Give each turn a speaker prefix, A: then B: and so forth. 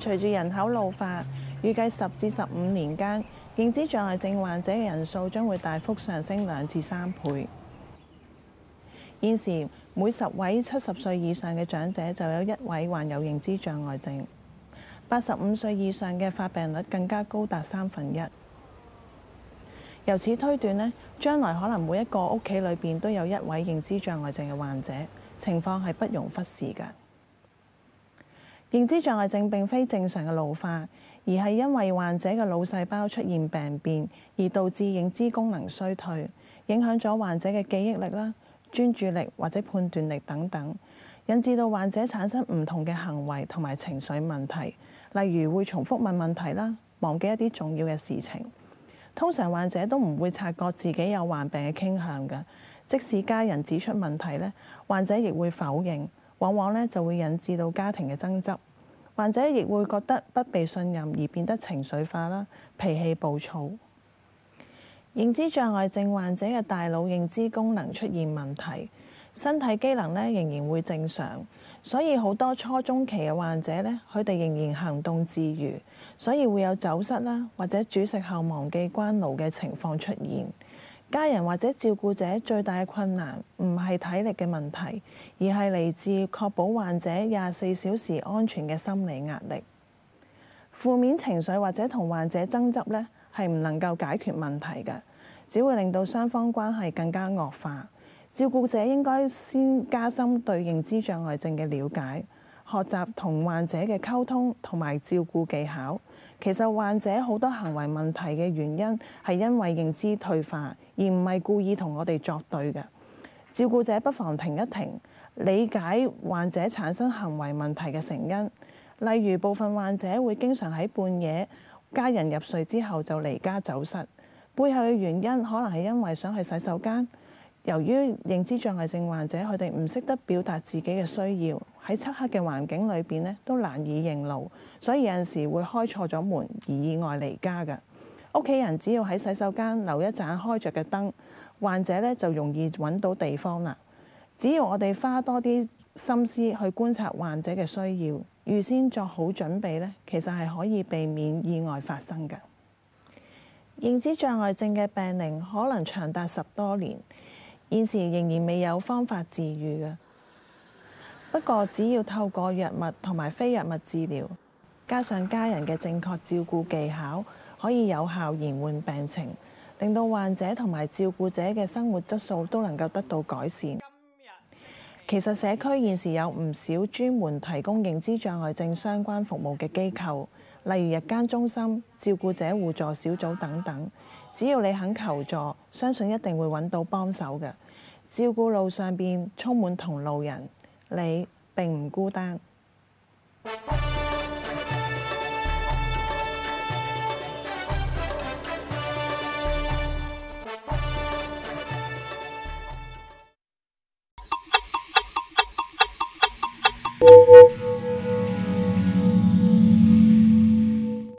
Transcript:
A: 隨住人口老化，預計十至十五年間，認知障礙症患者嘅人數將會大幅上升兩至三倍。現時每十位七十歲以上嘅長者就有一位患有認知障礙症，八十五歲以上嘅發病率更加高達三分一。由此推斷呢，將來可能每一個屋企裏邊都有一位認知障礙症嘅患者，情況係不容忽視㗎。認知障礙症並非正常嘅老化，而係因為患者嘅腦細胞出現病變，而導致認知功能衰退，影響咗患者嘅記憶力啦、專注力或者判斷力等等，引致到患者產生唔同嘅行為同埋情緒問題，例如會重複問問題啦、忘記一啲重要嘅事情。通常患者都唔會察覺自己有患病嘅傾向㗎，即使家人指出問題呢，患者亦會否認。往往咧，就會引致到家庭嘅爭執，患者亦會覺得不被信任而變得情緒化啦、脾氣暴躁。認知障礙症患者嘅大腦認知功能出現問題，身體機能咧，仍然會正常，所以好多初中期嘅患者咧，佢哋仍然行動自如，所以會有走失啦或者煮食後忘記關爐嘅情況出現。家人或者照顧者最大嘅困難唔係體力嘅問題，而係嚟自確保患者廿四小時安全嘅心理壓力。負面情緒或者同患者爭執呢，係唔能夠解決問題嘅，只會令到雙方關係更加惡化。照顧者應該先加深對認知障礙症嘅了解，學習同患者嘅溝通同埋照顧技巧。其實患者好多行為問題嘅原因係因為認知退化，而唔係故意同我哋作對嘅。照顧者不妨停一停，理解患者產生行為問題嘅成因。例如部分患者會經常喺半夜家人入睡之後就離家走失，背後嘅原因可能係因為想去洗手間。由於認知障礙症患者佢哋唔識得表達自己嘅需要。喺漆黑嘅環境裏邊咧，都難以認路，所以有陣時會開錯咗門而意外離家嘅。屋企人只要喺洗手間留一盞開着嘅燈，患者咧就容易揾到地方啦。只要我哋花多啲心思去觀察患者嘅需要，預先作好準備呢，其實係可以避免意外發生嘅。認知障礙症嘅病齡可能長達十多年，現時仍然未有方法治愈嘅。不過，只要透過藥物同埋非藥物治療，加上家人嘅正確照顧技巧，可以有效延緩病情，令到患者同埋照顧者嘅生活質素都能夠得到改善。其實社區現時有唔少專門提供認知障礙症相關服務嘅機構，例如日間中心、照顧者互助小組等等。只要你肯求助，相信一定會揾到幫手嘅。照顧路上面充滿同路人。你並唔孤單。